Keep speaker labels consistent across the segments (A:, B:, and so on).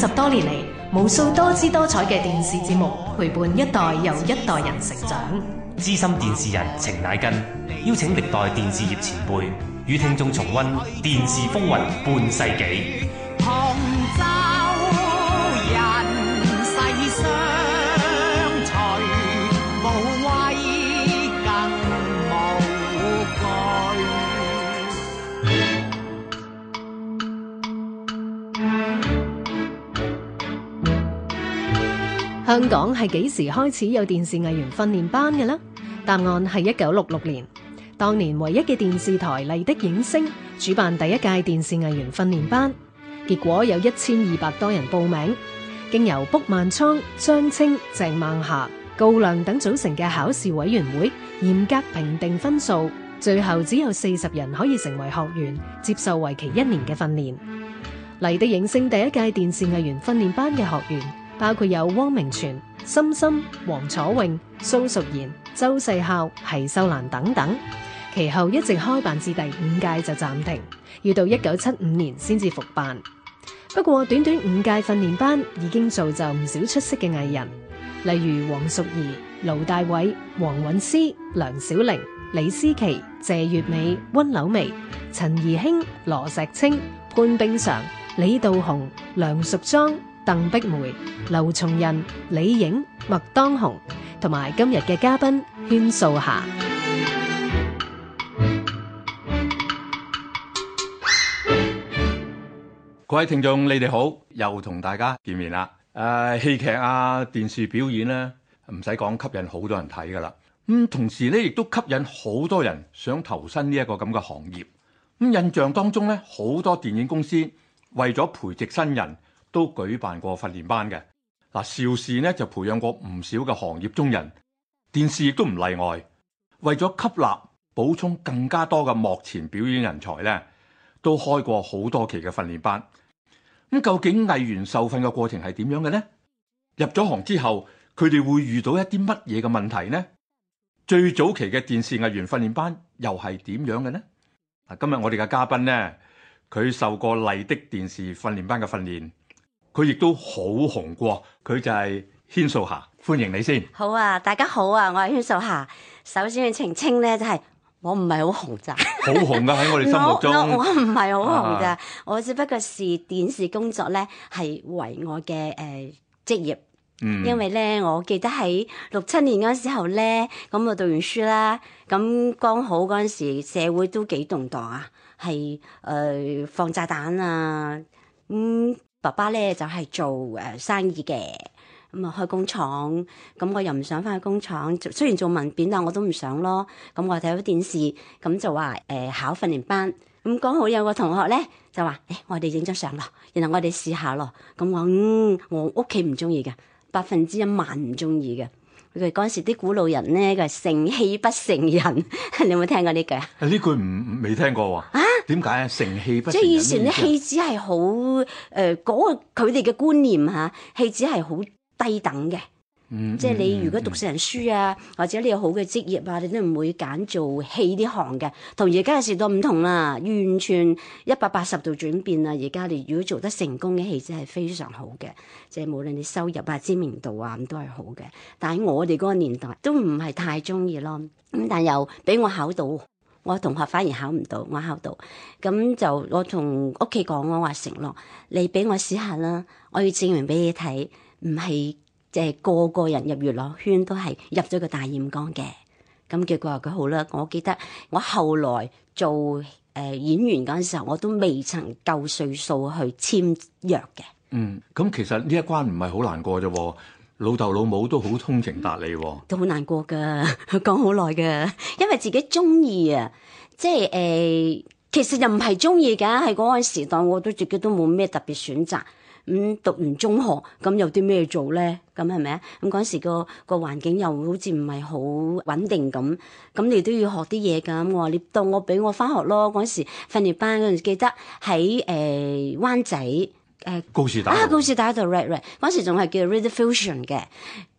A: 十多年嚟，無數多姿多彩嘅電視節目陪伴一代又一代人成長。
B: 資深電視人程乃根邀請歷代電視業前輩與聽眾重溫電視風雲半世紀。
A: 香港係幾時開始有電視藝員訓練班嘅呢？答案係一九六六年。當年唯一嘅電視台麗的映聲主辦第一屆電視藝員訓練班，結果有一千二百多人報名。經由卜萬蒼、張清、鄭孟霞、高亮等組成嘅考試委員會嚴格評定分數，最後只有四十人可以成為學員，接受為期一年嘅訓練。麗的映聲第一屆電視藝員訓練班嘅學員。包括有汪明荃、深深、黃楚穎、蘇淑賢、周世孝、奚秀蘭等等，其後一直開辦至第五屆就暫停，要到一九七五年先至復辦。不過短短五屆訓練班已經造就唔少出色嘅藝人，例如黃淑儀、盧大偉、黃韻詩、梁小玲、李思琪、謝月美、溫柳媚、陳怡卿、羅石清、潘冰常、李道雄、梁淑莊。鄧碧梅、劉松仁、李影、麥當紅，同埋今日嘅嘉賓禢素霞。
B: 各位聽眾，你哋好，又同大家見面啦！誒、啊，戲劇啊，電視表演呢、啊，唔使講，吸引好多人睇噶啦。咁、嗯、同時呢，亦都吸引好多人想投身呢一個咁嘅行業。咁、嗯、印象當中呢，好多電影公司為咗培植新人。都舉辦過訓練班嘅嗱，邵氏呢就培養過唔少嘅行業中人，電視亦都唔例外。為咗吸納補充更加多嘅幕前表演人才呢，都開過好多期嘅訓練班。咁究竟藝員受訓嘅過程係點樣嘅呢？入咗行之後，佢哋會遇到一啲乜嘢嘅問題呢？最早期嘅電視藝員訓練班又係點樣嘅呢？啊，今日我哋嘅嘉賓呢，佢受過麗的電視訓練班嘅訓練。佢亦都好紅過，佢就係禢素霞，歡迎你先。
C: 好啊，大家好啊，我係禢素霞。首先要澄清咧，就係、是、我唔係好紅咋。 好紅噶，喺我哋心目中 no, no, 我。我唔係好紅噶，我只不過是電視工作咧，係為我嘅誒、呃、職業。嗯，因為咧，我記得喺六七年嗰陣時候咧，咁我讀完書啦，咁剛好嗰陣時社會都幾動盪啊，係誒、呃、放炸彈啊，嗯。爸爸咧就係、是、做誒生意嘅，咁啊開工廠，咁我又唔想翻去工廠，雖然做文編，但我都唔想咯。咁我睇到電視，咁就話誒、欸、考訓練班，咁剛好有個同學咧就話，誒、欸、我哋影咗相咯，然後我哋試下咯。咁我嗯我屋企唔中意嘅，百分之一萬唔中意嘅。佢嗰時啲古老人咧，佢係成器不成人， 你有冇聽過呢句
B: 啊？呢句唔未聽過喎、啊。啊點解啊？成氣不即係以前啲戲子
C: 係好誒，嗰、呃嗰個佢哋嘅觀念吓，戲子係好低等嘅。嗯、
A: 即係你如
C: 果讀成人書啊，嗯、或者你有好嘅職業啊，你都唔會揀做戲啲行嘅。同而家嘅時代唔同啦，完全一百八十度轉變啦。而家你如果做得成功嘅戲子係非常好嘅，即係無論你收入啊、知名度啊咁都係好嘅。但係我哋嗰個年代都唔係太中意咯。咁但又俾我考到。我同學反而考唔到，我考到，咁就我同屋企講，我話承諾，你俾我試下啦，我要證明俾你睇，唔係即係個個人入娛樂圈都係入咗個大染缸嘅。咁結果話佢好啦，我記得我後來做誒、呃、演員嗰陣時候，我都未曾夠歲數去簽約嘅、嗯。
B: 嗯，咁其實呢一關唔係好難過啫。老豆老母都好通情達理、哦，都
C: 好難過噶，講好耐噶，因為自己中意啊，即係誒、呃，其實又唔係中意噶，喺嗰個時代，我都自己都冇咩特別選擇。咁、嗯、讀完中學，咁有啲咩做咧？咁係咪啊？咁嗰陣時個個環境又好似唔係好穩定咁，咁你都要學啲嘢噶。我話你到我俾我翻學咯，嗰陣時訓練班嗰陣記得喺誒灣仔。誒、呃、高士大啊！高士大就 read read，嗰時仲係叫 Red Fusion 嘅，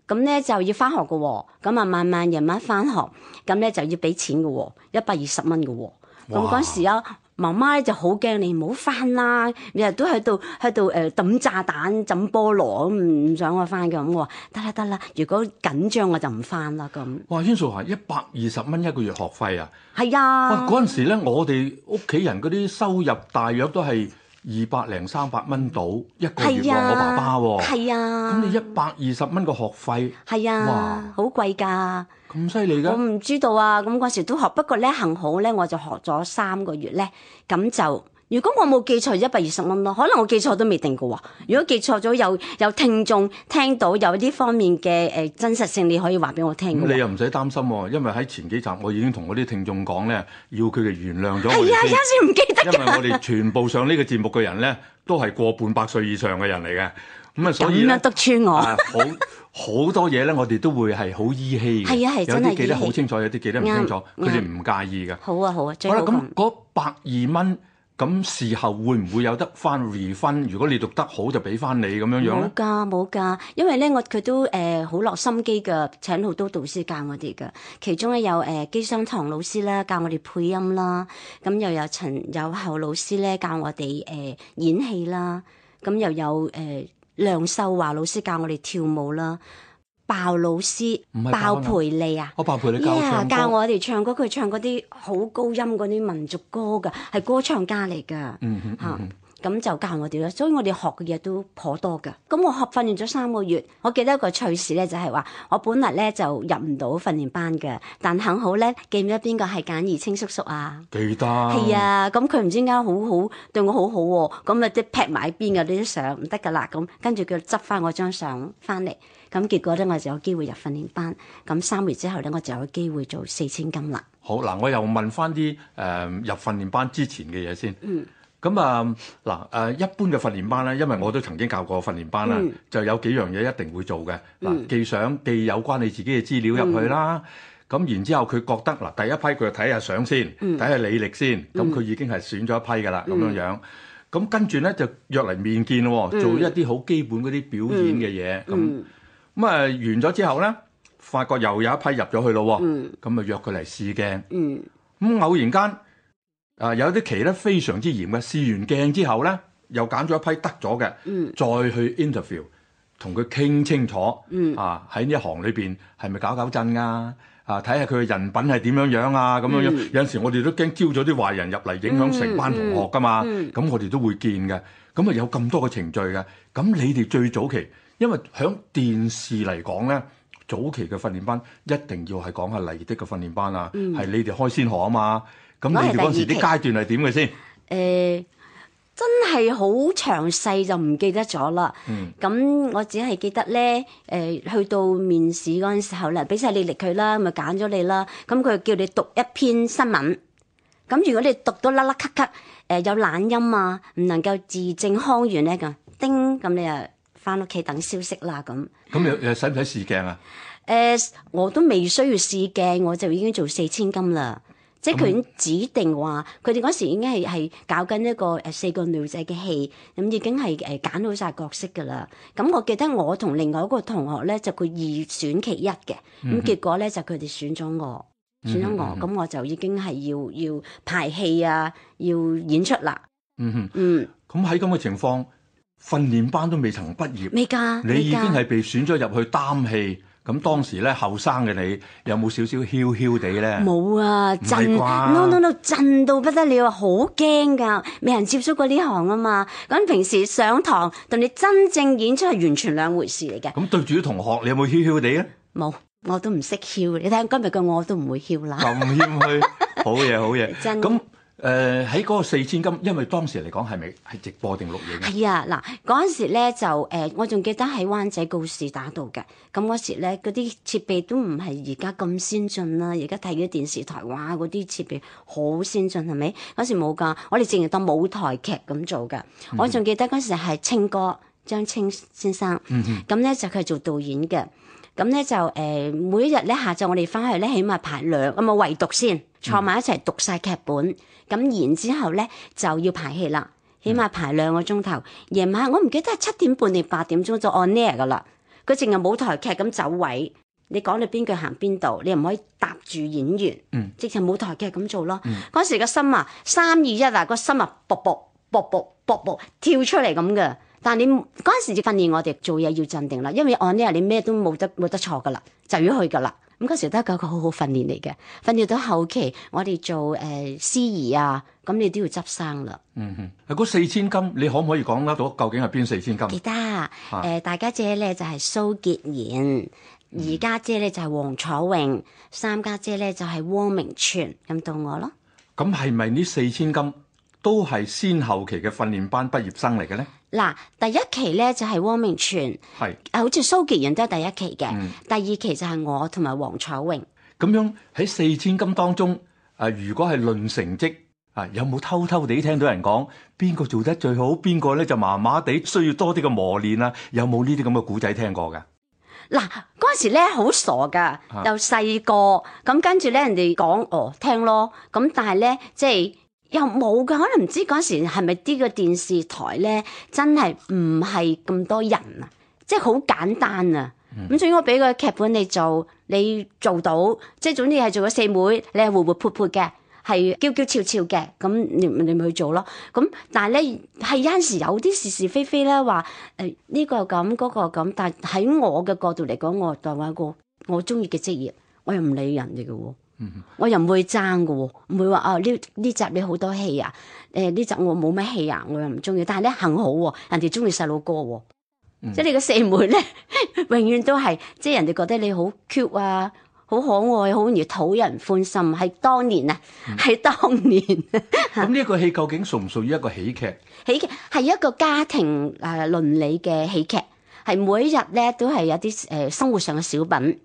C: 咁咧就要翻學嘅喎、哦，咁啊慢慢夜晚翻學，咁咧就要俾錢嘅喎、哦，一百二十蚊嘅喎，咁嗰陣時啊，媽媽咧就好驚，你唔好翻啦，日日都喺度喺度誒抌炸彈抌菠蘿咁，唔想我翻嘅，咁我話得啦得啦，如果緊張我就唔翻啦咁。哇！英素霞
B: 一百二十蚊一個月學費啊，
C: 係啊，嗰陣
B: 時咧我哋屋企人嗰啲收入大約都係。二百零三百蚊到一個月幫我爸爸喎，係啊，咁你一百二十蚊個學費？係啊，哇，
C: 好貴㗎，咁犀利㗎？我唔知道啊，咁嗰時都學，不過咧，幸好咧，我就學咗三個月咧，咁就。如果我冇記錯一百二十蚊咯，可能我記錯都未定嘅喎。如果記錯咗，有有聽眾聽到有呢方面嘅誒、呃、真實性，你可以話俾我聽。你
B: 又唔使擔心喎、哦，因為喺前幾集我已經同我啲聽眾講咧，要佢哋原諒咗我先。係啊，有時
C: 唔記得。因為我哋
B: 全部上呢個節目嘅人咧，都係過半百歲以上嘅人嚟嘅。咁啊、 嗯，所以咁樣篤穿我。 啊、好好多嘢咧，我哋都會係好依稀嘅。係啊係，啊真係。有啲記得好清楚，有啲記得唔清楚，佢哋唔介意嘅。
C: 好啊好啊，最好。嗱
B: 咁百二蚊。咁事後會唔會有得翻 refund 如果你讀得好就，就俾翻你咁樣樣。
C: 冇㗎，冇㗎，因為咧，我佢都誒好落心機㗎，請好多導師教我哋㗎。其中咧有誒、呃、機商堂老師啦，教我哋配音啦。咁、嗯、又有陳友後老師咧，教我哋誒、呃、演戲啦。咁、嗯、又有誒、呃、梁秀華老師教我哋跳舞啦。鮑老師，鮑培利啊，鮑啊我鮑培利教我哋唱歌，佢、yeah, 唱嗰啲好高音嗰啲民族歌噶，係歌唱家嚟噶，吓咁、嗯嗯啊、就教我哋咯。所以我哋學嘅嘢都頗多噶。咁我學訓練咗三個月，我記得一個趣事咧，就係話我本來咧就入唔到訓練班嘅，但幸好咧記唔記得邊個係簡義清叔叔啊？
B: 記得係啊，
C: 咁佢唔知點解好好對我好好、啊、喎，咁啊即係撇埋邊嘅啲相，唔得噶啦，咁跟住叫佢執翻我張相翻嚟。咁結果咧，我就有機會入訓練班。咁三月之後咧，我就有機會做四千金啦。
B: 好嗱，我又問翻啲誒入訓練班之前嘅嘢先。嗯。咁啊嗱誒，一般嘅訓練班咧，因為我都曾經教過訓練班啦，嗯、就有幾樣嘢一定會做嘅。嗱、嗯，寄相、寄有關你自己嘅資料入去啦。咁、嗯、然之後，佢覺得嗱，第一批佢就睇下相、嗯、看看先，睇下履歷先，咁佢已經係選咗一批㗎啦。咁樣樣。咁跟住咧就約嚟面見喎、哦，嗯、做一啲好基本嗰啲表演嘅嘢咁。嗯咁啊，完咗之後咧，發覺又有一批入咗去咯，咁啊、嗯、約佢嚟試鏡。咁、嗯、偶然間啊，有啲期咧非常之嚴嘅，試完鏡之後咧，又揀咗一批得咗嘅，再去 interview，同佢傾清楚、嗯、啊，喺呢行裏邊係咪搞搞震噶？啊，睇下佢嘅人品係點樣樣啊，咁、嗯、樣樣有陣時我哋都驚招咗啲壞人入嚟影響成班同學噶嘛，咁、嗯嗯嗯、我哋都會見嘅。咁啊有咁多個程序嘅，咁你哋最早期。因為喺電視嚟講咧，早期嘅訓練班一定要係講下黎啲嘅訓練班啊，係你哋開先河啊嘛。咁你當時啲階段係點嘅先？
C: 誒，真係好詳細就唔記得咗啦。咁我只係記得咧，誒去到面試嗰陣時候咧，俾曬你力佢啦，咪揀咗你啦。咁佢叫你讀一篇新聞。咁如果你讀到甩甩咳咳，誒有懶音啊，唔能夠字正腔圓咧，咁叮咁你啊～翻屋企等消息啦，咁
B: 咁、嗯、又使唔使試鏡啊？
C: 誒、呃，我都未需要試鏡，我就已經做四千金啦。即佢已經指定話，佢哋嗰時已經係係搞緊一個誒四個女仔嘅戲，咁、嗯、已經係誒揀好晒角色噶啦。咁、嗯、我記得我同另外一個同學咧，就佢二選其一嘅，咁、嗯嗯、結果咧就佢哋選咗我，嗯嗯嗯、選咗我，咁我就已經係要要排戲啊，要演出啦。嗯嗯，
B: 咁喺咁嘅情況。嗯嗯訓練班都未曾畢業，在你已經係被選咗入去擔戲。咁當時咧，後生嘅你有冇少少囂囂地咧？冇
C: 啊，震 no no no，震到不得了，好驚㗎！未人接觸過呢行啊嘛。咁平時上堂同你真正演出係完全兩回事嚟嘅。咁、啊
B: 嗯、對住啲同學，你有冇囂囂地
C: 咧？冇、啊，我都唔識囂。你睇今日嘅我都唔會囂啦。
B: 咁謙虛，好嘢好嘢。咁真。啊誒喺嗰個四千金，因為當時嚟講係咪係直播定錄影？係
C: 啊，嗱嗰陣時咧就誒、呃，我仲記得喺灣仔告士打道嘅。咁嗰時咧嗰啲設備都唔係而家咁先進啦、啊。而家睇咗電視台，哇嗰啲設備好先進，係咪？嗰時冇㗎，我哋淨係當舞台劇咁做㗎。嗯、哼我仲記得嗰時係青哥張青先生，咁咧、嗯、哼就佢係做導演嘅。咁咧就誒、呃、每一日咧下晝我哋翻去咧，起碼排兩咁啊、嗯，唯獨先。坐埋一齊讀晒劇本，咁、嗯、然之後咧就要排戲啦，起碼排兩個鐘頭。夜、嗯、晚我唔記得係七點半定八點鐘就 on air 噶啦，佢淨係舞台劇咁走位，你講你邊句行邊度，你又唔可以搭住演員，嗯，直情舞台劇咁做咯。嗰、嗯、時個心啊，三二一啊，個心啊，卜卜卜卜卜卜跳出嚟咁嘅。但係你嗰陣時嘅訓練我，我哋做嘢要鎮定啦，因為 on air 你咩都冇得冇得錯噶啦，就要去噶啦。咁嗰時都係教佢好好訓練嚟嘅，訓練到後期我哋做誒司儀啊，咁你都要執生啦。嗯
B: 哼，嗰四千金你可唔可以講得到究竟係邊四千金？記
C: 得誒，大家姐咧就係蘇潔然，二家姐咧就係黃楚穎，三家姐咧就係汪明荃，咁到我咯。
B: 咁係咪呢四千金？都係先後期嘅訓練班畢業生嚟嘅咧。
C: 嗱，第一期咧就係、是、汪明荃，係是，好似蘇杰人都係第一期嘅。嗯、第二期就係我同埋黃彩榮。咁樣喺四千金當中，誒、啊，如果係論成績，
B: 啊，有冇偷偷地聽到人講邊個做得最好，邊個咧就麻麻地需要多啲嘅磨練啊？有冇呢啲咁嘅古仔聽過噶？
C: 嗱、啊，嗰陣時咧好傻噶，啊、又細個，咁跟住咧人哋講，哦，聽咯，咁但係咧即係。又冇噶，可能唔知嗰時係咪啲個電視台咧，真係唔係咁多人啊，即係好簡單啊。咁仲要我俾個劇本你做，你做到，即係總之係做咗四妹，你係活活潑潑嘅，係嬌嬌俏俏嘅，咁你你咪去做咯。咁但係咧，係有陣時有啲是是非非咧，話誒呢個咁嗰個咁。但喺我嘅角度嚟講，我當為一個我中意嘅職業，我又唔理人哋嘅喎。我又唔會爭嘅，唔會話啊呢呢集你好多戲啊，誒、呃、呢集我冇咩戲啊，我又唔中意。但係咧幸好，啊，人哋中意細路哥、啊嗯，即係你個四妹咧，永遠都係即係人哋覺得你好 cute 啊，好可愛，好容易討人歡心。係當年啊，係、嗯、當年。咁呢個戲究竟屬唔屬於一個喜劇？ 喜劇係一個家庭誒倫理嘅喜劇，係每日呢一日咧都係有啲誒生活上嘅小品。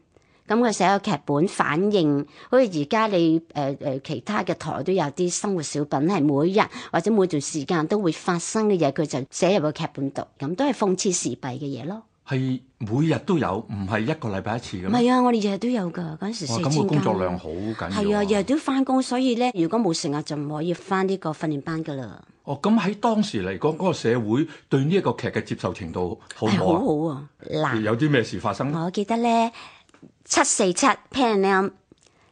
C: 咁佢寫個劇本反映，好似而家你誒誒、呃、其他嘅台都有啲生活小品，係每日或者每段時間都會發生嘅嘢，佢就寫入個劇本度，咁都係諷刺時弊嘅嘢咯。
B: 係每日都有，唔係一個禮拜一次咁。唔
C: 係啊，我哋日日都有噶嗰陣時。哇，哦！咁工作量
B: 好緊。係啊，日
C: 日，啊，都要翻工，所以咧，如果冇成日就唔可以翻呢個訓練班噶啦。
B: 哦，咁喺當時嚟講，嗰，那個社會對呢一個劇嘅接
C: 受程度好唔好啊？係好好啊！嗱，有啲咩事發生？我記得咧，七四七拼音，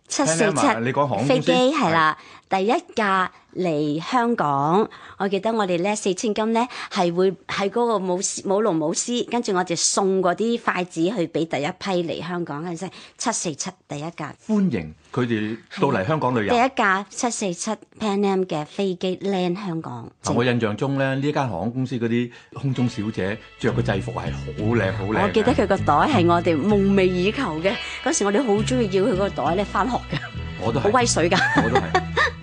C: 七四七飛機係啦，的第一架。嚟香港，我記得我哋咧四千金咧係會喺嗰個舞舞龍舞獅，跟住我哋送嗰啲筷子去俾第一批嚟香港嗰陣，七四七第一架
B: 歡迎佢哋到嚟香港旅遊。第一
C: 架七四七 Pan Am 嘅飛機 land 香港。我
B: 印象中咧，呢間航空公司嗰啲空中小姐著個制服係好靚好靚。我記得佢
C: 個袋係我哋夢寐以求嘅，嗰時我哋好中意要佢個袋咧翻學㗎。我都好威水㗎。我都係。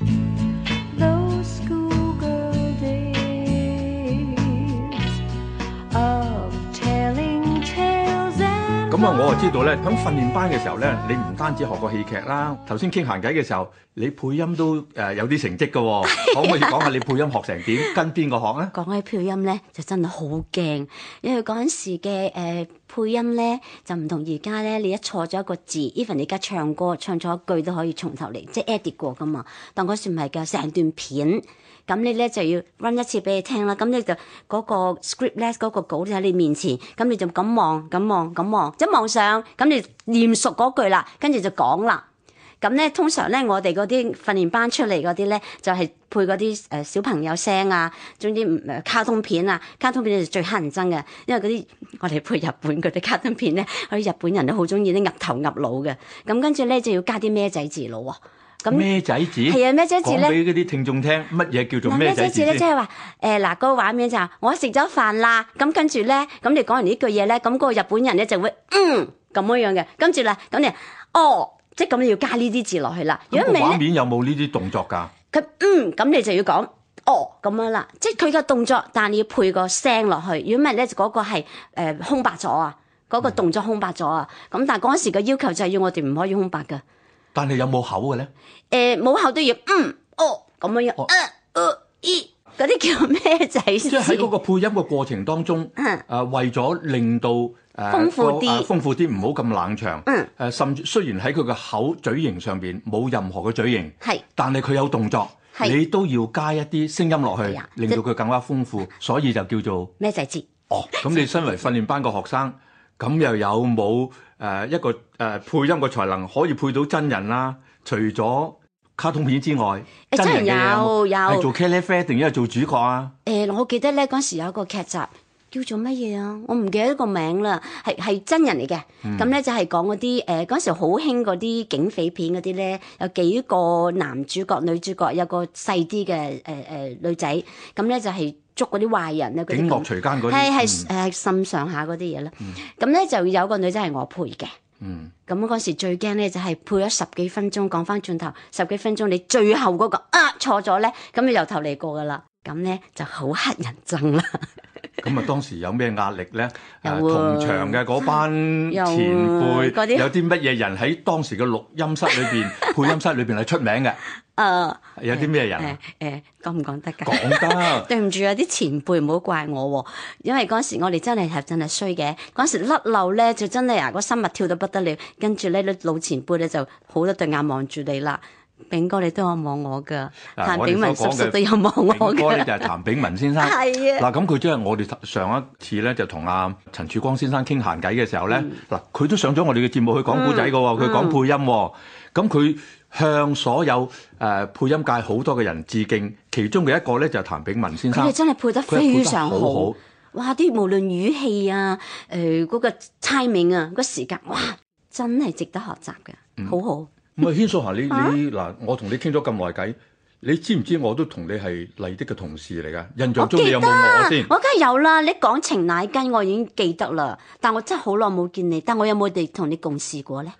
B: 咁啊，嗯、我啊知道咧，喺 訓練班嘅時候咧，你唔單止學過戲劇啦。頭先傾閒偈嘅時候，你配音都誒有啲成績嘅、哦，可唔 可以講下你配音學成點，跟邊個學咧？
C: 講 起配音咧，就真係好驚，因為嗰陣時嘅誒、呃、配音咧，就唔同而家咧。你一錯咗一個字，even 你而家唱歌唱咗一句都可以重頭嚟，即係 edit 過噶嘛。但嗰時唔係㗎，成段片。咁你咧就要 run 一次俾佢聽啦，咁你就嗰個 scriptless 嗰個稿就喺你面前，咁你就咁望、咁望、咁望，即係望上，咁你念熟嗰句啦，跟住就講啦。咁咧通常咧我哋嗰啲訓練班出嚟嗰啲咧，就係配嗰啲誒小朋友聲啊，總之誒卡通片啊，卡通片就最乞人憎嘅，因為嗰啲我哋配日本嗰啲卡通片咧，啲日本人都好中意啲岌頭岌腦嘅，咁跟住咧就要加啲咩仔字佬啊！咩
B: 仔字係啊咩仔字咧？講俾嗰啲聽眾聽，乜嘢叫做咩仔字咧？即係話
C: 誒嗱，個畫面就話我食咗飯啦，咁跟住咧，咁你講完呢句嘢咧，咁嗰個日本人咧就會嗯咁樣樣嘅，跟住啦，咁你哦，即係咁你要加呢啲字落去啦。如果冇畫
B: 面有冇呢啲動作噶？
C: 佢嗯，咁你就要講哦咁樣啦，即係佢個動作，但係你要配個聲落去。如果唔係咧，就嗰個係誒空白咗啊，嗰個動作空白咗啊。咁但係嗰時嘅要求就係要我哋唔可以空白噶。但係有冇口嘅咧？誒冇口都要嗯哦咁樣樣啊啊咦！嗰啲叫咩仔先？即係喺嗰個配音嘅過程當中，
B: 誒為咗令到誒豐富啲，豐富啲唔好咁冷場。誒甚至雖然喺佢嘅口嘴型上邊冇任何嘅嘴型，係，但係佢有動作，你都要加一啲聲音落去，令到佢更加豐富。所以就叫做咩仔字？哦，咁你身為訓練班個學生，咁又有冇？誒一個誒配音嘅才能可以配到真人啦，除咗卡通片之外，真人嘅有有，係做茄喱啡定係做主角啊？
C: 誒，我記得咧嗰時有一個劇集叫做乜嘢啊？我唔記得個名啦，係，係真人嚟嘅。咁咧就係講嗰啲誒嗰時好興嗰啲警匪片嗰啲咧，有幾個男主角女主角，有個細啲嘅誒誒女仔，咁咧就係。捉嗰啲壞人咧，警惡除奸嗰啲，係係係欣賞下嗰啲嘢啦。咁咧、嗯、就有個女仔係我陪嘅。咁嗰、嗯、時最驚咧就係陪咗十幾分鐘，講翻轉頭十幾分鐘，你最後嗰、個啊錯咗咧，咁你由頭嚟過噶啦，咁咧就好乞人憎啦。
B: 咁啊！ 當時有咩壓力咧？誒、啊，同場嘅嗰班前輩有啲乜嘢人喺當時嘅錄音室裏邊、 配音室裏邊係出名嘅
C: 誒？
B: 呃、有啲咩人誒、啊、誒、呃
C: 呃呃、講唔講得㗎？講得 對唔住，有啲前輩唔好怪我喎、哦，因為嗰時我哋真係係真係衰嘅嗰時甩漏咧，就真係啊個心物跳到不得了，跟住咧啲老前輩咧就好多對眼望住你啦。炳哥，你都有望我噶，譚、啊、炳文叔叔都有望我噶。炳哥咧就係、是、譚
B: 炳文先生，係 啊。嗱咁佢即係我哋上一次咧就同阿陳柱光先生傾閒偈嘅時候咧，嗱佢、嗯啊、都上咗我哋嘅節目去講古仔噶，佢講、嗯、配音、哦。咁佢向所有誒、呃、配音界好多嘅人致敬，其中嘅一個咧就係、是、譚炳文先生。佢哋真係配得非常好，
C: 哇！啲無論語氣啊，誒、呃、嗰、那個猜名啊，那個時間、啊那個，哇！真係值得學習嘅，好好。嗯
B: 唔係禢素霞，你你嗱、啊，我同你傾咗咁耐偈，你知唔知我都同你係麗的嘅同事嚟噶？印象中你有冇我，我先？
C: 我梗係有啦，你講情奶根，我已經記得啦。但我真係好耐冇見你，但我有冇哋同你共事過咧？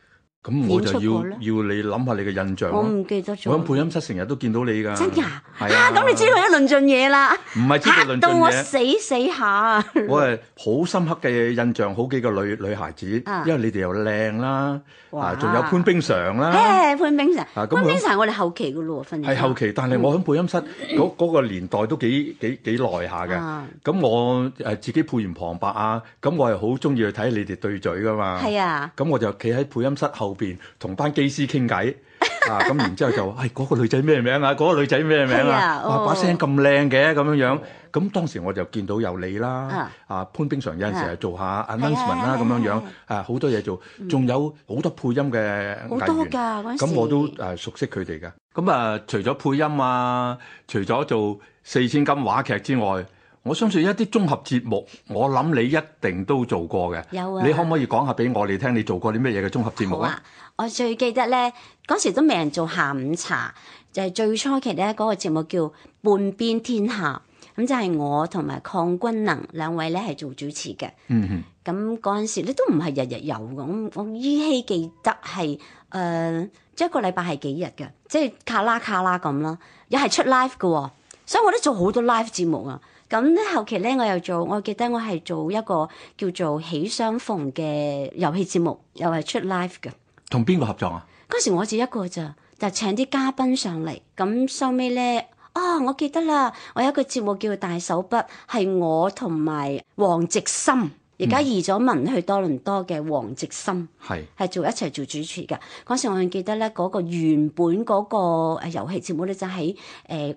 B: 咁我就要要你諗下你嘅印象。我唔記得咗。我喺配音室成日都見到你噶。真噶？係啊，咁你知道佢
C: 一輪盡嘢啦。
B: 唔係，真係輪盡嘢。嚇到我死
C: 死下啊！我係
B: 好深刻嘅印象，好幾個女女孩子，因為你哋又靚啦，啊，仲有潘冰常啦。係
C: 係潘冰常。啊，潘冰常我哋後期噶咯喎，分。係後
B: 期，但係我喺配音室嗰嗰個年代都幾幾幾耐下噶。咁我誒自己配完旁白啊，咁我係好中意去睇你哋對嘴噶嘛。係啊。咁我就企喺配音室後後邊同班機師傾偈 啊，咁然後之後就，哎、嗰，那個女仔咩名啊，嗰，那個女仔咩名啊，啊 oh. 把聲咁靚嘅咁樣樣，咁當時我就見到有你啦，Huh? 啊潘冰常有陣時係、啊、做下 announcement 啦咁樣樣，啊好多嘢做，仲有好多配音嘅藝員，好多㗎，咁、嗯、我都誒熟悉佢哋嘅，咁啊除咗配音啊，除咗做四千金話劇之外。我相信一啲綜合節目，我諗你一定都做過嘅。有啊，你可唔可以講下俾我哋聽？你做過啲咩嘢嘅綜合節目啊？
C: 我最記得咧，嗰時都未人做下午茶，就係、是、最初期咧嗰、那個節目叫半邊天下，咁就係我同埋鄺君能兩位咧係做主持嘅。嗯哼，咁嗰陣時咧都唔係日日有嘅。我依稀記得係誒，即、呃、一個禮拜係幾日嘅，即、就、係、是、卡拉卡拉咁啦，又係出 live 嘅、哦，所以我都做好多 live 節目啊。咁咧、嗯、後期咧，我又做，我記得我係做一個叫做《喜相逢》嘅遊戲節目，又係出 live 嘅。
B: 同邊個合作啊？
C: 嗰時我只一個咋，就請啲嘉賓上嚟。咁收尾咧，啊、哦，我記得啦，我有一個節目叫《大手筆》，係我同埋王植森，而家移咗民去多倫多嘅王植森，係係做一齊做主持嘅。嗰是時我記得咧，嗰、那個原本嗰個誒遊戲節目咧就喺、是、誒、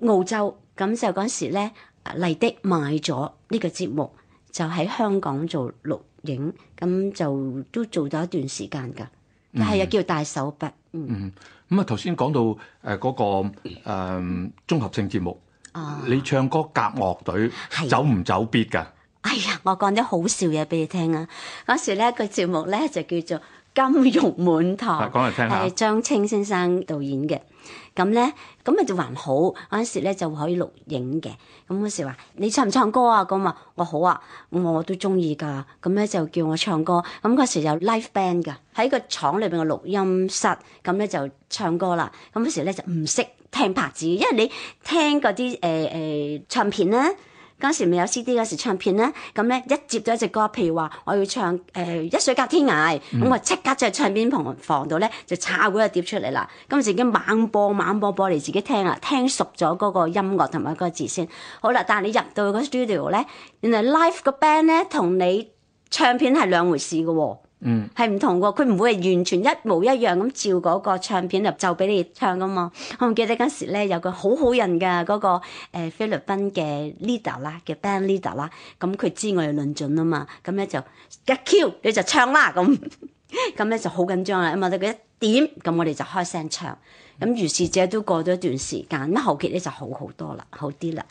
C: 呃、澳洲，咁就嗰時咧。麗的賣咗呢個節目，就喺香港做錄影，咁就都做咗一段時間㗎。係啊，叫做大手筆。
B: 嗯，咁啊頭先講到誒嗰個誒綜合性節目，你唱歌夾樂隊走唔走必㗎？
C: 哎呀，我講啲好笑嘢俾你聽啊！嗰時咧個節目咧就叫做金玉滿堂，講嚟聽下，係張清先生導演嘅。咁咧，咁咪就還好。嗰陣時咧就可以錄影嘅。咁嗰時話你唱唔唱歌啊？咁啊，我好啊，我都中意噶。咁咧就叫我唱歌。咁嗰時有 live band 噶，喺個廠裏邊嘅錄音室。咁咧就唱歌啦。咁嗰時咧就唔識聽拍子，因為你聽嗰啲誒誒唱片咧。嗰時未有 CD 嗰時唱片咧，咁咧一接到一隻歌，譬如話我要唱誒、呃、一水隔天涯，咁我即刻喺唱片棚房度咧就抄嗰個碟出嚟啦。咁自己猛播猛播播嚟自己聽啊，聽熟咗嗰個音樂同埋嗰個字先。好啦，但係你入到個 studio 咧，原來 live 個 band 咧同你唱片係兩回事嘅喎、哦。嗯，係唔同嘅，佢唔會係完全一模一樣咁照嗰個唱片入就俾你唱噶嘛。我仲記得嗰時咧有個好好人嘅嗰、那個誒、呃、菲律賓嘅 leader 啦，嘅 band leader 啦，咁佢知我哋論盡啦嘛，咁咧就一 Q，你就唱啦咁，咁咧 就好緊張啦，咁我哋佢一點，咁我哋就開聲唱，咁如是者都過咗一段時間，咁後期咧就好好多啦，好啲啦。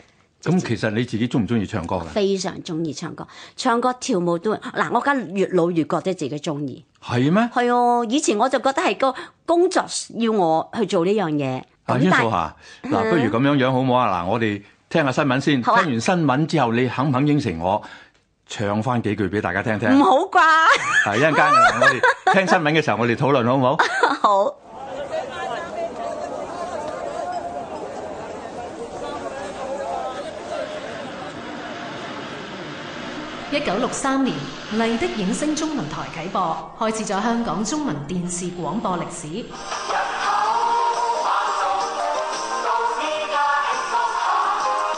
B: 咁其實你自己中唔中意唱歌嘅？非
C: 常中意唱歌，唱歌跳舞都嗱，我而家越老越覺得自己中意。係咩嗎？係哦，以前我就覺得係個工作要我去做呢樣嘢。阿禢素霞，
B: 嗱，不如咁樣樣好唔好啊？嗱，我哋聽下新聞先。好、啊、聽完新聞之後，你肯唔肯應承我唱翻幾句俾大家聽聽？唔好啩。係一陣間我哋聽新聞嘅時候，我哋討論好唔好？
C: 好。
A: 一九六三年，麗的影聲中文台啟播，開始咗香港中文電視廣播歷史。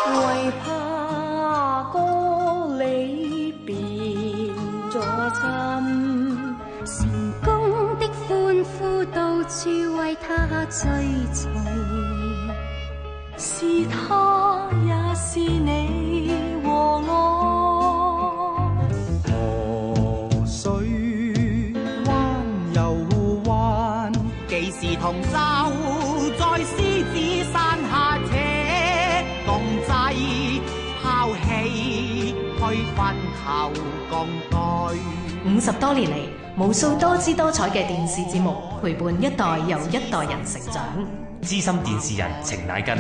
A: 為怕歌裏別作甚，成功的歡呼到處為他追隨，是他也是。同
B: 就在獅子山下，且共濟，拋棄區分求
A: 共對。五十多年嚟，無數多姿多彩嘅電視節目陪伴一代又一代人成長。資深電視人程乃根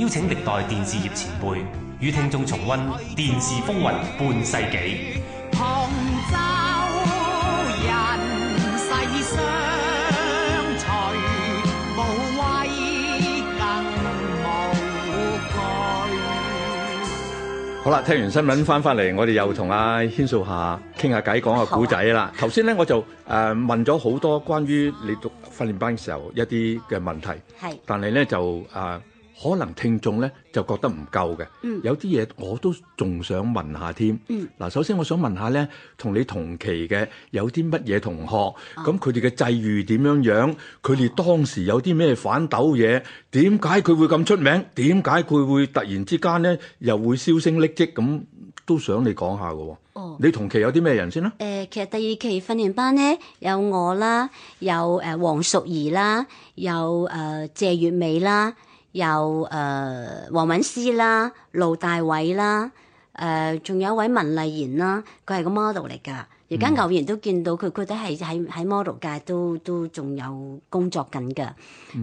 A: 邀請歷
B: 代電視業前輩與聽眾重温電視風雲半世紀。好啦，聽完新聞翻翻嚟，我哋又同阿禢素霞傾下偈，講下古仔啦。頭先咧，我就誒、呃、問咗好多關於你讀訓練班時候一啲嘅問題，是但係咧就誒。呃可能聽眾咧就覺得唔夠嘅，嗯、有啲嘢我都仲想問下添。嗱、嗯，首先我想問下咧，同你同期嘅有啲乜嘢同學？咁佢哋嘅際遇點樣樣？佢哋、啊、當時有啲咩反斗嘢？點解佢會咁出名？點解佢會突然之間咧又會銷聲匿跡？咁都想你講下㗎喎。哦、啊，你同
C: 期有啲咩人先啦？誒、呃，其實第二期訓練班咧有我啦，有誒黃、呃、淑儀啦，有誒、呃、謝月美啦。有誒、呃、黃韻詩啦，盧大偉啦，誒、呃、仲有一位文麗賢啦，佢係個 model 嚟㗎。而家偶然都見到佢，佢都喺喺喺 model 界都都仲有工作緊㗎。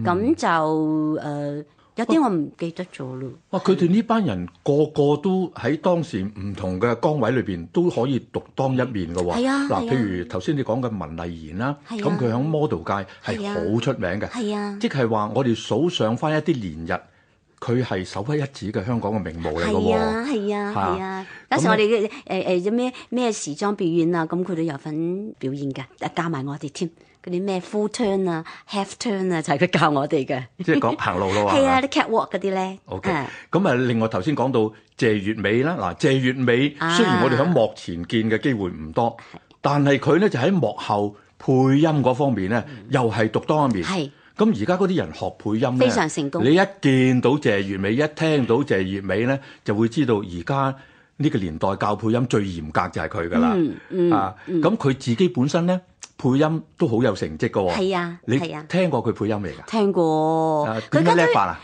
C: 咁就誒。呃有啲我唔記得咗咯。
B: 哇！佢哋呢班人個個都喺當時唔同嘅崗位裏邊都可以獨當一面嘅喎。係啊，嗱，譬如頭先你講嘅文麗賢啦，咁佢喺 model 界係好出名嘅。係啊，即係話我哋數上翻一啲年日，佢係首屈一指嘅香港嘅名模嚟嘅喎。係
C: 啊，係啊，有時我哋嘅誒誒啲咩咩時裝表演啊，咁佢哋有份表演嘅，加埋我哋添。嗰啲咩 full turn 啊、half turn 啊，就係、是、佢教我哋嘅，
A: 即係講行路咯，係 啊，
C: 啲 cat walk 嗰啲咧。OK，
B: 咁啊，另外頭先講到謝月美啦，嗱，謝月美雖然我哋喺幕前見嘅機會唔多，啊、但係佢咧就喺幕後配音嗰方面咧，嗯、又係獨當一面。係是。咁而家嗰啲人學配音非常成功。你一見到謝月美，一聽到謝月美咧，就會知道而家呢個年代教配音最嚴格就係佢噶啦。嗯
C: 嗯嗯、啊，咁
B: 佢自己本身咧。配音都好有成績嘅喎、哦，係啊，你聽過佢配音嚟㗎？
C: 聽過，佢咩叻法啊？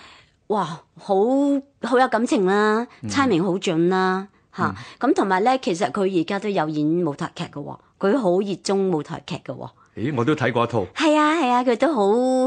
C: 哇，好好有感情啦，嗯、猜名好準啦，嚇咁同埋咧，其實佢而家都有演舞台劇嘅喎、哦，佢好熱衷舞台劇嘅喎、
B: 哦。咦，我都睇過一套。
C: 係啊係啊，佢、啊、都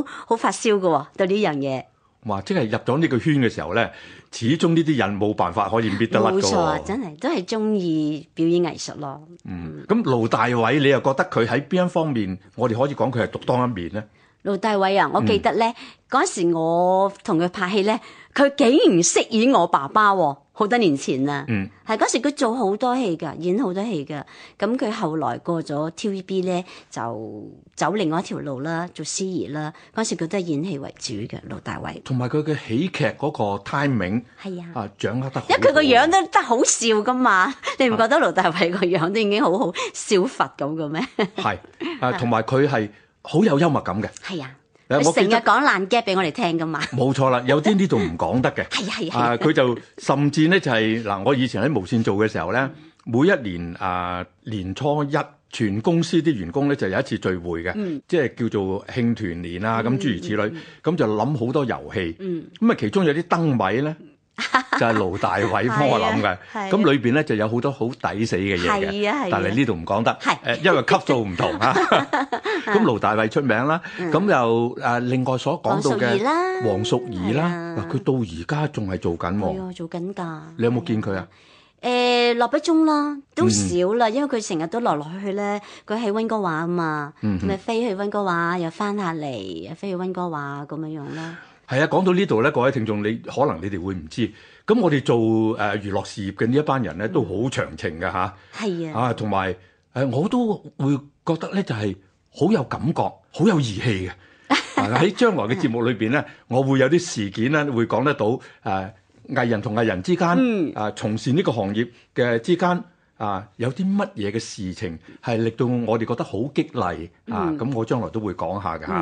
C: 好好發燒嘅喎、哦，對呢樣嘢。
B: 哇！即係入咗呢個圈嘅時候咧，始終呢啲人冇辦法可以搣得甩。冇錯，真
C: 係都係中意表演藝術咯。嗯，
B: 咁盧大偉，你又覺得佢喺邊一方面，我哋可以講佢係獨當一面咧？
C: 盧大偉啊，我記得咧，嗰、嗯、時我同佢拍戲咧。佢竟然飾演我爸爸喎，哦？好多年前啦，係嗰、嗯、時佢做好多戲㗎，演好多戲㗎。咁佢後來過咗 TVB 咧，就走另外一條路啦，做司儀啦。嗰時佢都係演戲為主嘅，盧大偉。同埋佢嘅喜劇嗰個 timing，係啊，啊，掌握得好。因為佢個樣都得好笑噶嘛，你唔覺得盧大偉個樣都已經好好笑佛咁嘅咩？
B: 係， 啊，同埋佢係好有幽默感嘅。
C: 係啊。你成日講爛 gap 俾我哋聽噶嘛？
B: 冇 錯啦，有啲呢度唔講得嘅。係啊 啊，佢就甚至咧就係、係、嗱，我以前喺無線做嘅時候咧，嗯、每一年啊年初一，全公司啲員工咧就有一次聚會嘅，嗯、即係叫做慶團年啊。咁、嗯、諸如此類。咁、嗯、就諗好多遊戲。嗯。咁啊，其中有啲燈謎咧。 就係盧大偉幫我諗嘅，咁裏邊咧就有好多好抵死嘅嘢嘅，但係呢度唔講得，誒，因為級數唔同啊。咁盧大偉出名啦，咁又誒，另外所講到嘅黃淑儀啦，嗱，佢到而家仲係做緊喎。
C: 做緊架。你有冇見佢啊？誒，落筆中啦，都少啦，因為佢成日都落落去去咧，佢喺溫哥華啊嘛，咪 飛去溫哥華又翻下嚟，飛去溫哥華咁樣樣咯。
B: 係啊，講到呢度咧，各位聽眾，你可能你哋會唔知，咁我哋做誒、呃、娛樂事業嘅呢一班人咧，都好長情㗎吓，係啊，同埋誒我都會覺得咧，就係、是、好有感覺，好有義氣嘅。喺、啊、將來嘅節目裏邊咧， 我會有啲事件咧，會講得到誒、呃、藝人同藝人之間，誒、嗯啊、從事呢個行業嘅之間。啊！有啲乜嘢嘅事情係令到我哋覺得好激勵啊！咁我將來都會講下嘅嚇。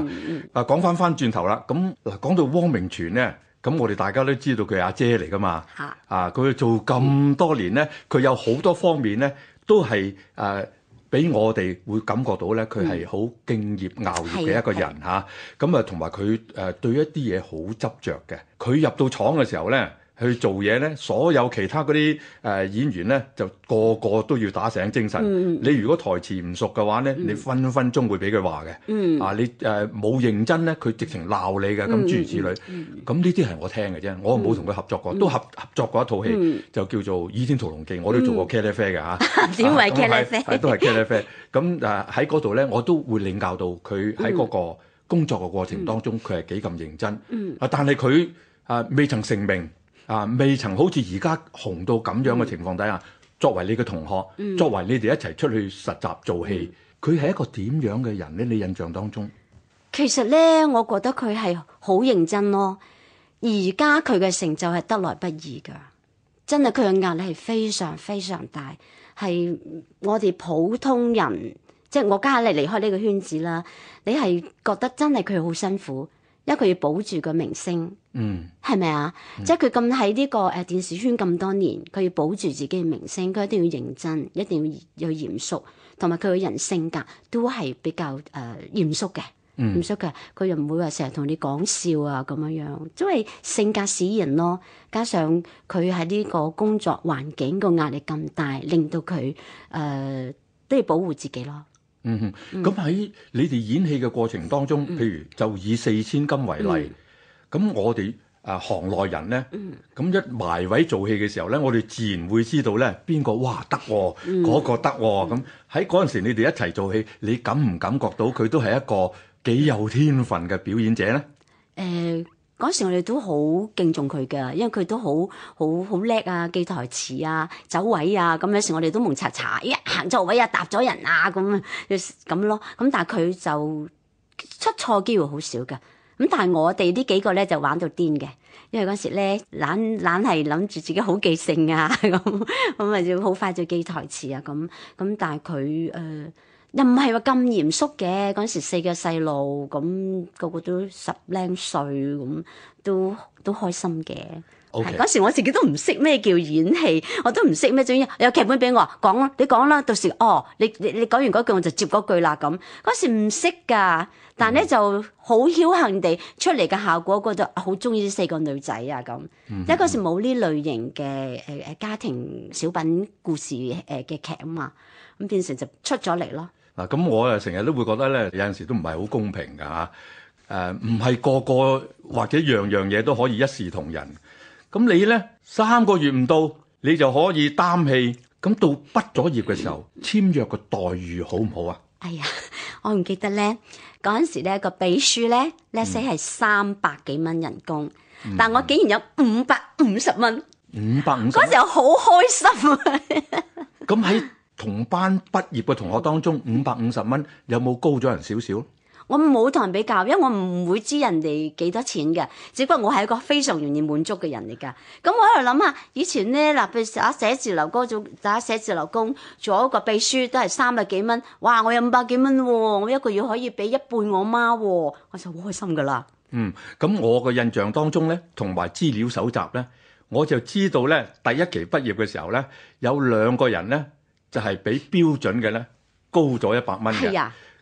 B: 啊，講翻翻轉頭啦，咁、啊、嗱，講到汪明荃咧，咁、啊、我哋大家都知道佢阿姐嚟噶嘛。嚇啊！佢做咁多年咧，佢有好多方面咧，都係誒俾我哋會感覺到咧，佢係好敬業樂業嘅一個人嚇。咁啊，同埋佢誒對一啲嘢好執着嘅。佢入到廠嘅時候咧，去做嘢咧，所有其他嗰啲誒演員咧，就個個都要打醒精神。你如果台詞唔熟嘅話咧，你分分鐘會俾佢話嘅。啊，你誒冇認真咧，佢直情鬧你嘅。咁諸如此類。咁呢啲係我聽嘅啫，我冇同佢合作過，都合合作過一套戲，就叫做《倚天屠龍記》，我都做過茄喱啡嘅吓。點為茄喱啡？都係茄喱啡。咁誒喺嗰度咧，我都會領教到佢喺嗰個工作嘅過程當中，佢係幾咁認真。啊，但係佢啊未曾成名。啊，未曾好似而家紅到咁樣嘅情況底下，嗯、作為你嘅同學，作為你哋一齊出去實習做戲，佢係、嗯、一個點樣嘅人咧？你印象當中？
C: 其實咧，我覺得佢係好認真咯。而家佢嘅成就係得來不易㗎，真係佢嘅壓力係非常非常大，係我哋普通人，即係我家下你離開呢個圈子啦，你係覺得真係佢好辛苦。因為佢要保住個明星，係咪啊？吧即係佢咁喺呢個誒，電視圈咁多年，佢要保住自己嘅明星，佢一定要認真，一定要要嚴肅，同埋佢個人性格都係比較誒嚴肅嘅，嚴肅嘅，佢、嗯、又唔會話成日同你講笑啊咁樣樣，因為性格使然咯。加上佢喺呢個工作環境個壓力咁大，令到佢誒、呃、都要保護自己咯。
B: 嗯，咁喺你哋演戲嘅過程當中，嗯、譬如就以四千金為例，咁、嗯、我哋啊行內人咧，咁、嗯、一埋位做戲嘅時候咧，我哋自然會知道咧，邊個哇得、哦，嗰、嗯、個得、哦，咁喺嗰陣時你哋一齊做戲，你感唔感覺到佢都係一個幾有天分嘅表演者咧？
C: 誒、嗯。嗯嗰時我哋都好敬重佢㗎，因為佢都好好好叻啊，記台詞啊，走位啊，咁有時我哋都蒙查查，哎呀、行錯位啊搭咗人啊咁，咁咯，咁但係佢就出錯機會好少噶，咁但係我哋呢幾個咧就玩到癲嘅，因為嗰時咧懶懶係諗住自己好記性啊，咁咁咪要好快就記台詞啊，咁咁但係佢誒。呃又唔係話咁嚴肅嘅，嗰時四個細路咁個個都十零歲咁，都都開心嘅。嗰 Okay. 時我自己都唔識咩叫演戲，我都唔識咩嘢。有劇本俾我講，你講啦，到時哦，你你你講完嗰句我就接嗰句啦咁。嗰時唔識㗎，但咧、mm hmm. 就好僥幸地出嚟嘅效果，覺得好中意呢四個女仔啊咁。因為嗰時冇呢類型嘅誒誒家庭小品故事誒嘅劇啊嘛，咁變成就出咗嚟咯。
B: 嗱，咁我啊成日都會覺得咧，有陣時都唔係好公平㗎吓。誒，唔係個個或者樣樣嘢都可以一視同仁。咁你咧三個月唔到，你就可以擔戲。咁到畢咗業嘅時候簽約個待遇好唔好啊？哎呀，
C: 我唔記得咧。嗰陣時咧個秘書咧，寫係三百幾蚊人工，但係我竟然有五百五十蚊。
B: 五百五十。嗰時候
C: 好開心
B: 啊！咁喺同班畢業嘅同學當中，五百五十蚊有冇高咗人少少？
C: 我冇同人比較，因為我唔會知人哋幾多錢嘅。只不過我係一個非常容易滿足嘅人嚟㗎。咁我喺度諗下，以前咧嗱，譬如打寫字樓嗰種打寫字樓工，做一個秘書都係三百幾蚊。哇！我有五百幾蚊喎，我一個月可以俾一半我媽喎，啊，我就好開心㗎啦。嗯，
B: 咁我嘅印象當中咧，同埋資料搜集咧，我就知道咧，第一期畢業嘅時候咧，有兩個人咧。就係比標準嘅咧高咗一百蚊嘅，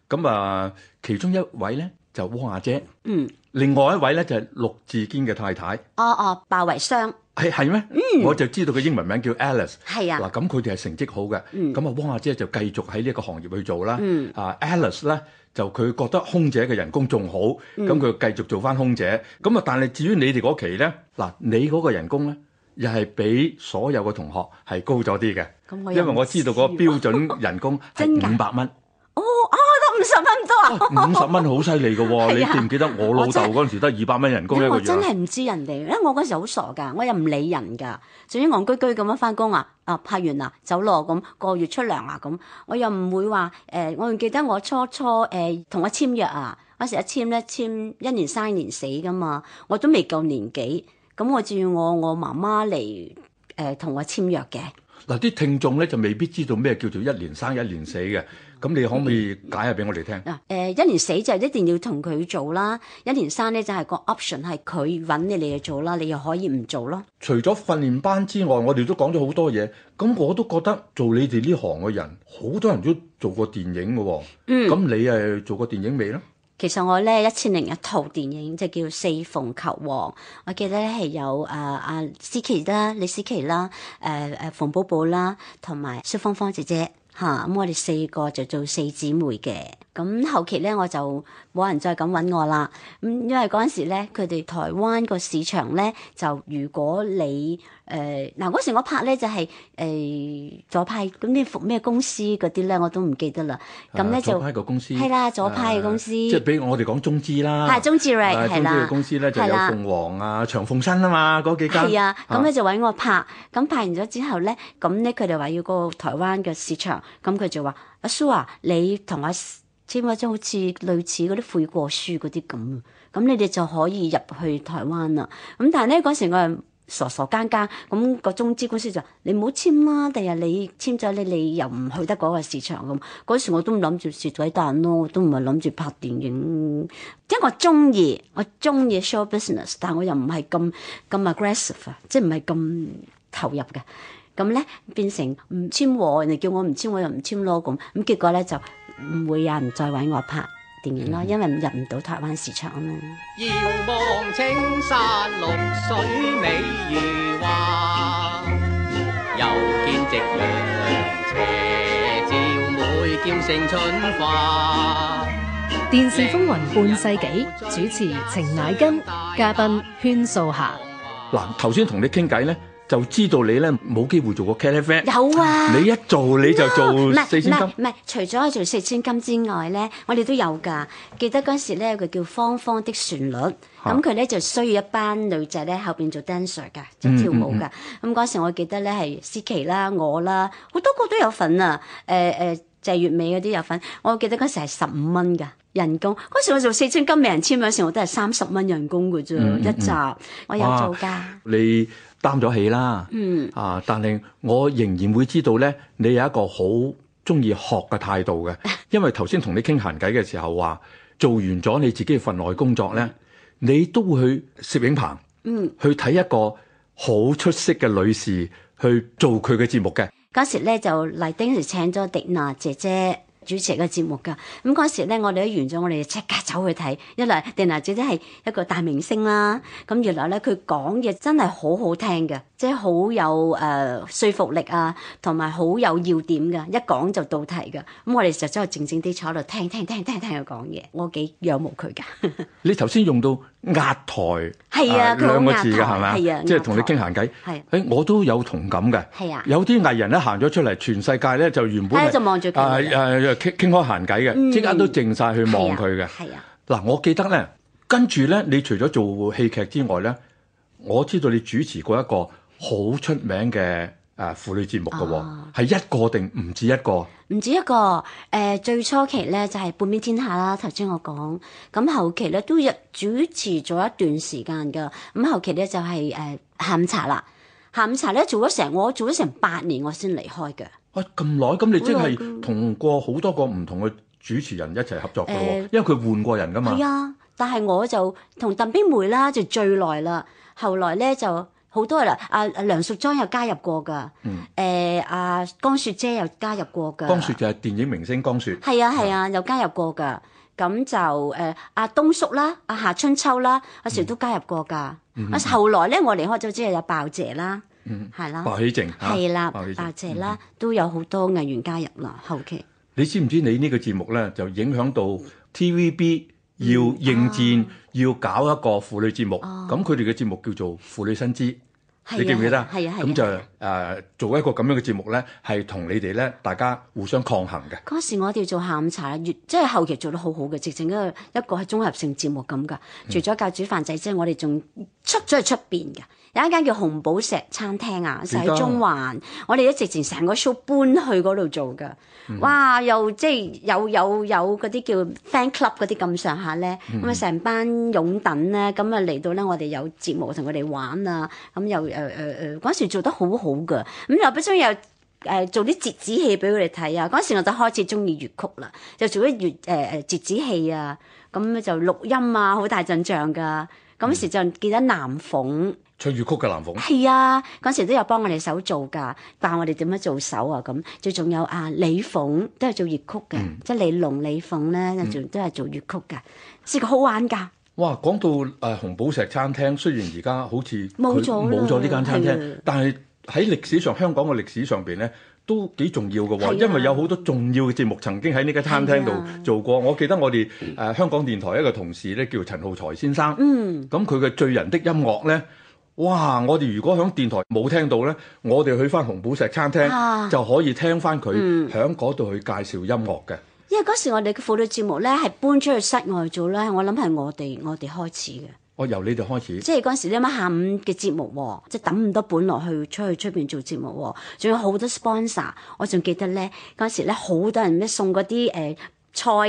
B: 咁啊、嗯、其中一位咧就汪、係、阿姐，
C: 嗯，
B: 另外一位咧就陸、係、志堅嘅太太，
C: 哦哦，鮑維雙，
B: 係係咩？嗯，嗯我就知道佢英文名叫 Alice，係啊，嗱咁佢哋係成績好嘅，咁啊汪阿姐就繼續喺呢一個行業去做啦，嗯、啊 Alice 咧就佢覺得空姐嘅人工仲好，咁佢、嗯嗯、繼續做翻空姐，咁啊但係至於你哋嗰期咧，嗱你嗰個人工咧？又係比所有嘅同學係高咗啲嘅，我因為我知道嗰個標準人工係五百蚊。
C: 哦，哦哦都哦啊，得五十蚊唔多啊！五十
B: 蚊好犀利嘅喎，你記唔記得我老豆嗰陣時得二百蚊人工一個月？我真係唔
C: 知人哋，因為我嗰時好傻㗎，我又唔理人㗎，仲要戇居居咁樣翻工啊，啊拍完啊走咯咁，個月出糧啊咁，我又唔會話誒、呃，我仲記得我初初誒同、呃、我簽約啊，嗰時一簽咧簽一年生一年死㗎嘛，我都未夠年紀。咁我照要我我媽媽嚟誒同我簽約嘅。
B: 嗱啲聽眾咧就未必知道咩叫做一年生一年死嘅，咁你可唔可以解下俾我哋聽？嗱
C: 誒、嗯呃，一年死就一定要同佢做啦，一年生咧就係個 option 係佢揾你嚟去做啦，你又可以唔做咯。
B: 除咗訓練班之外，我哋都講咗好多嘢。咁我都覺得做你哋呢行嘅人，好多人都做過電影嘅喎、哦。嗯，咁你誒做過電影未咧？
C: 其實我咧一千零一套電影，即係叫《四鳳求凰》，我記得咧係有誒阿思琪啦、李思琪啦、誒誒馮寶寶啦，同埋蕭芳芳姐姐嚇，咁、啊嗯、我哋四個就做四姊妹嘅。咁後期咧，我就冇人再咁搵我啦。咁因為嗰陣時咧，佢哋台灣個市場咧，就如果你誒嗱嗰時我拍咧就係、是、誒、呃、左派咁、嗯，你服咩公司嗰啲咧我都唔記得啦。咁、嗯、咧、啊、就左派
B: 個公司係啦、啊，左派嘅公司即係俾我哋講中資啦。係中資嚟係啦，公司咧就有鳳凰啊、長鳳新啊嘛嗰幾間。係啊，咁咧、啊啊啊、就
C: 搵我拍咁、嗯、拍完咗之後咧，咁咧佢哋話要個台灣嘅市場，咁、嗯、佢就話阿蘇啊，oo，你同阿……」簽或者好似類似嗰啲悔過書嗰啲咁，咁你哋就可以入去台灣啦。咁但係咧嗰時我係傻傻更更，咁個中資公司就你唔好簽啦，第日你簽咗你你又唔去得嗰個市場咁。嗰時我都諗住雪鬼蛋咯，都唔係諗住拍電影，因為我中意我中意 show business，但係我又唔係咁咁 aggressive，即係唔係咁投入嘅。咁咧變成唔簽，人哋叫我唔簽，我又唔簽咯咁。咁結果咧就。唔會有、啊、人再搵我拍電影啦，因為入唔到台灣市
A: 場啊嘛。 電視風雲半世紀， 主持程乃根，嘉賓禢素霞。
B: 嗱，頭先同你傾偈呢。就知道你咧冇機會做個 cat cafe。A、有啊，你一做你就做四千金。
C: 唔係除咗做四千金之外咧，我哋都有噶。記得嗰時咧，佢叫芳芳的旋律，咁佢咧就需要一班女仔咧後邊做 dancer 噶，即跳舞噶。咁嗰、嗯嗯嗯、時我記得咧係思琪啦、我啦，好多個都有份啊。誒、呃、誒、呃，謝月美嗰啲有份。我記得嗰時係十五蚊噶人工。嗰時我做四千金，俾人簽名時我都係三十蚊人工嘅啫、嗯嗯嗯、一集。我有做㗎。
B: 你。擔咗起啦，啊！但係我仍然會知道咧，你有一個好中意學嘅態度嘅，因為頭先同你傾閒偈嘅時候話，做完咗你自己份內工作咧，你都會去攝影棚，嗯，去睇一個好出色嘅女士去做佢嘅節目嘅。
C: 嗰時咧就麗的時請咗迪娜姐姐。主持嘅節目噶，咁嗰時咧，我哋都完咗，我哋就即刻走去睇。一來，定娜姐姐係一個大明星啦，咁原來咧，佢講嘢真係好好聽嘅，即係好有誒說服力啊，同埋好有要點嘅，一講就到題嘅。咁我哋就真係靜靜啲坐喺度聽聽聽聽聽佢講嘢，我幾仰慕佢噶。
B: 你頭先用到。壓台，兩、啊、個字嘅係咪？即係同你傾閒
A: 偈。啊啊、
B: 哎，我都有同感嘅。啊、有啲藝人咧行咗出嚟，全世界咧就原本喺度望住佢，傾傾開閒偈嘅，即、啊啊嗯、刻都靜晒去望佢嘅。嗱、啊啊啊，我記得咧，跟住咧，你除咗做戲劇之外咧，我知道你主持過一個好出名嘅。誒婦、啊、女節目嘅喎。哦，係、啊、一個定唔止一個？唔
C: 止一個。誒、呃、最初期咧就係、是、半邊天下啦，頭先我講。咁、嗯、後期咧都有主持咗一段時間嘅。咁、嗯、後期咧就係誒下午茶啦。下午茶咧做咗成，我做咗成八年我離，我先離開嘅。
B: 喂，咁耐咁你即係同過好多個唔同嘅主持人一齊合作嘅喎，呃、因為佢換過人㗎嘛。係啊，
C: 但係我就同鄧邊梅啦就最耐啦，後來咧就。好多啦，阿梁淑莊又加入過噶，誒阿江雪姐又加入過噶。江雪就係
B: 電影明星江雪。係
C: 啊係啊，又加入過噶。咁就誒阿東叔啦，阿夏春秋啦，阿誰都加入過噶。阿後來咧，我離開咗之後，有鮑姐啦，係啦，鮑起靜，係啦，鮑姐啦，都有好多藝員加入啦。後期
B: 你知唔知？你呢個節目咧，就影響到 TVB 要應戰，要搞一個婦女節目。咁佢哋嘅節目叫做《婦女新姿》。你記唔記得？啊，咁就誒做一個咁樣嘅節目咧，係同你哋咧大家互相抗衡
C: 嘅。嗰時我哋做下午茶，越即係後期做得好好嘅，直情一個一個係綜合性節目咁㗎。除咗教煮飯仔之後，我哋仲出咗去出邊㗎。有一間叫紅寶石餐廳啊，就喺、係、中環。何我哋一直情成個 show 搬去嗰度做㗎。哇！又即係有有有嗰啲叫 fan club 嗰啲咁上下咧，咁啊成班擁躉咧，咁啊嚟到咧我哋有節目同佢哋玩啊，咁、嗯、又。誒誒誒，嗰、呃呃、時做得好好噶咁又不中有誒做啲折子戲俾佢哋睇啊！嗰時我就開始中意粵曲啦，就做啲粵誒誒折子戲啊，咁就錄音啊，好大陣仗噶。嗰時就記得南鳳
B: 唱粵曲嘅南鳳，
C: 係、嗯、啊，嗰時都有幫我哋手做噶，教我哋點樣做手啊咁。最仲有阿李鳳都係做粵曲嘅，即係李龍、李鳳咧，仲都係做粵曲嘅，嗯、試過、嗯、好玩噶。
B: 哇，講到誒、呃、紅寶石餐廳，雖然而家好似冇咗呢間餐廳，但係喺歷史上香港嘅歷史上邊咧，都幾重要嘅喎，的因為有好多重要嘅節目曾經喺呢間餐廳度做過。的我記得我哋誒、呃、香港電台一個同事咧叫陳浩才先生，咁佢嘅醉人的音樂咧，哇！我哋如果響電台冇聽到咧，我哋去翻紅寶石餐廳、啊、就可以聽翻佢喺嗰度去介紹音樂嘅。啊嗯
C: 因為嗰時我哋嘅婦女節目咧，係搬出去室外做咧。我諗係我哋我哋開始嘅。
B: 哦，由你哋開始。即
C: 係嗰時你媽下午嘅節目，哦、即係抌咁多本落去出去出邊做節目，仲、哦、有好多 sponsor。我仲記得咧，嗰時咧好多人咧送嗰啲誒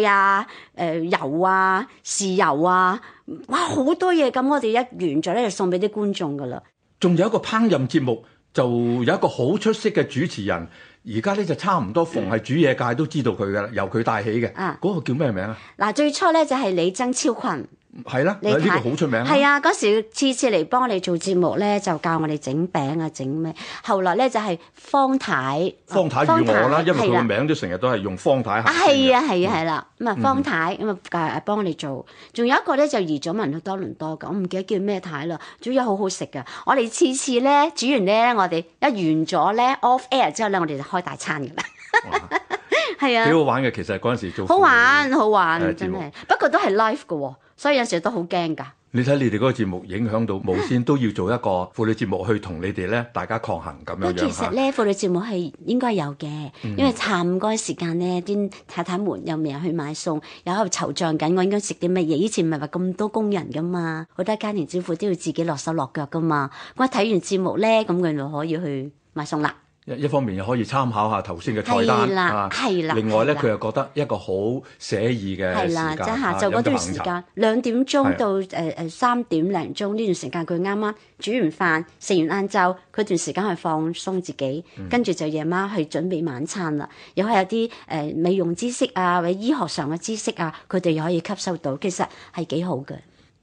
C: 菜啊，誒、呃、油啊，豉油啊，哇好多嘢咁。我哋一完咗咧，就送俾啲觀眾噶啦。
B: 仲有一個烹飪節目，就有一個好出色嘅主持人。而家咧就差唔多，逢係煮嘢界都知道佢噶啦，由佢帶起嘅。嗰個叫咩名啊？
C: 嗱，最初咧就係李曾超群。
B: 係啦，呢、啊、看個好出名。係啊，
C: 嗰、啊、時，次次嚟幫我哋做節目咧，就教我哋整餅啊，整咩。後來咧就係方太，方太與我啦，太因為佢個
B: 名、啊、都成日都係用方太。啊，係
C: 啊，係啊，係啦。咁啊，嗯、方太咁啊，教誒幫我哋做。仲有一個咧就移咗民去多倫多噶，我唔記得叫咩太啦，總之好好食噶。我哋次次咧煮完咧，我哋一完咗咧 off air 之後咧，我哋就開大餐噶啦。係啊，幾好
B: 玩嘅，其實嗰陣時做好，好玩好玩，真係的。
C: 不過都係 life 嘅喎、哦，所以有時候都好驚㗎。
B: 你睇你哋嗰個節目影響到無綫 都要做一個婦女節目去同你哋咧，大
C: 家抗衡咁樣樣。不過其實咧，婦女節目係應該有嘅，嗯、哼因為下午嗰時間咧，啲太太們又未去買餸，又喺度籌帳緊，我應該食啲乜嘢？以前唔係話咁多工人噶嘛，好多家庭主婦都要自己落手落腳噶嘛。我睇完節目咧，咁佢就可以去買餸啦。
B: 一方面又可以參考下頭先嘅菜單，另外咧佢又覺得一個好寫意嘅時間，即下晝嗰段時間。
C: 兩點鐘到誒誒三點零鐘呢段時間，佢啱啱煮完飯、食完晏晝，佢段時間去放鬆自己，跟住就夜晚去準備晚餐啦。又可以有啲誒美容知識啊，或者醫學上嘅知識啊，佢哋又可以吸收到，其實係幾好嘅。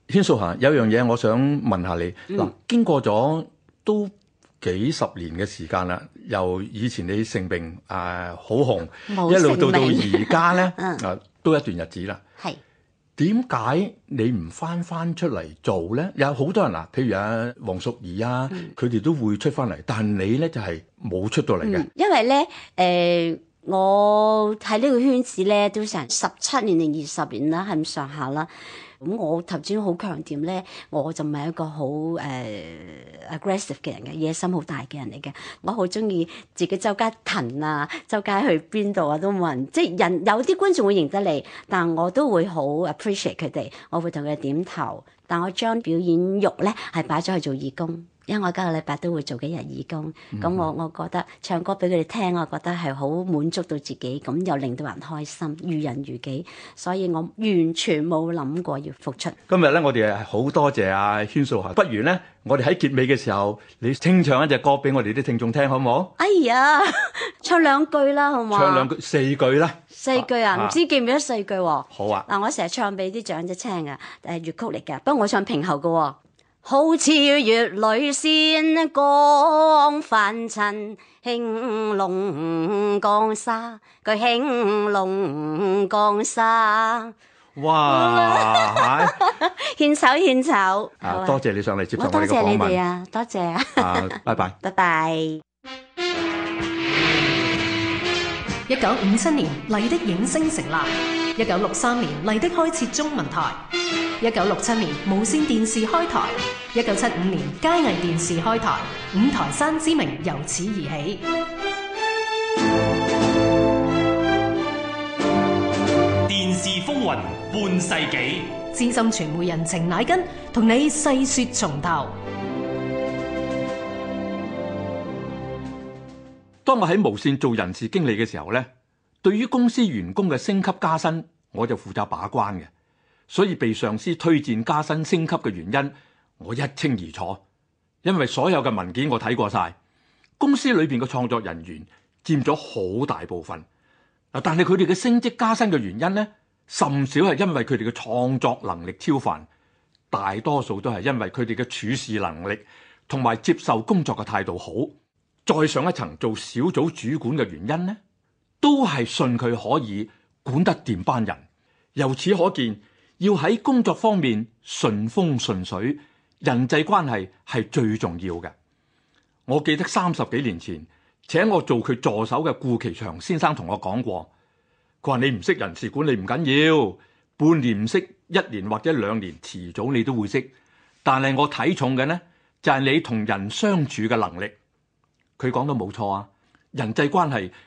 B: 禢素霞，有樣嘢我想問下你嗱，經過咗都幾十年嘅時間啦。由以前你成名誒、啊、好紅，一路到到而家咧，誒、 啊、都一段日子啦。係點解你唔翻翻出嚟做咧？有好多人啊，譬如啊黃淑儀啊，佢哋、嗯、都會出翻嚟，但你咧就係、是、冇出到嚟嘅。
C: 因為咧誒、呃，我喺呢個圈子咧都成十七年定二十年啦，係咁上下啦。咁我頭先好強調咧，我就唔係一個好誒、uh, aggressive 嘅人嘅，野心好大嘅人嚟嘅。我好中意自己周街騰啊，周街去邊度啊，都冇人，即係人有啲觀眾會認得你，但我都會好 appreciate 佢哋，我會同佢點頭，但我將表演慾咧係擺咗去做義工。因為我今個禮拜都會做幾日義工，咁我我覺得唱歌俾佢哋聽，我覺得係好滿足到自己，咁又令到人開心，於人於己，所以我完全冇諗過要復出。今日
B: 咧，我哋係好多謝阿禢素霞。不如咧，我哋喺結尾嘅時候，你清唱一隻歌俾我哋啲聽眾聽，好唔
C: 好？哎呀，唱兩句啦，好唔好？唱兩
B: 句，四句啦。
C: 四句啊？唔知記唔記得四句喎？好啊。嗱，我成日唱俾啲長者聽嘅，誒粵曲嚟嘅，不過我唱平喉嘅。好似月女仙降，凡塵興隆江沙，佢興隆江沙。
B: 哇！
C: 獻醜獻醜啊！多謝
B: 你上嚟接我，多謝你哋啊！
C: 多謝啊！拜拜拜
A: 拜。一九五七年，麗的映聲成立。一九六三年麗的開設中文台，一九六七年無綫電視開台，一九七五年佳藝電視開台，五台山之名由此而起。電視風雲半世紀，資深傳媒人程乃根同你細說從頭。
B: 當我喺無綫做人事經理嘅時候呢。對於公司員工嘅升級加薪，我就負責把關嘅，所以被上司推薦加薪升級嘅原因，我一清二楚。因為所有嘅文件我睇過晒，公司裏邊嘅創作人員佔咗好大部分。但係佢哋嘅升職加薪嘅原因呢，甚少係因為佢哋嘅創作能力超凡，大多數都係因為佢哋嘅處事能力同埋接受工作嘅態度好。再上一層做小組主管嘅原因呢？都係信佢可以管得掂班人，由此可見，要喺工作方面順風順水，人際關係係最重要嘅。我記得三十幾年前，請我做佢助手嘅顧其祥先生同我講過，佢話你唔識人事管理唔緊要，半年唔識，一年或者兩年，遲早你都會識。但係我睇重嘅呢，就係你同人相處嘅能力。佢講得冇錯啊，人際關係。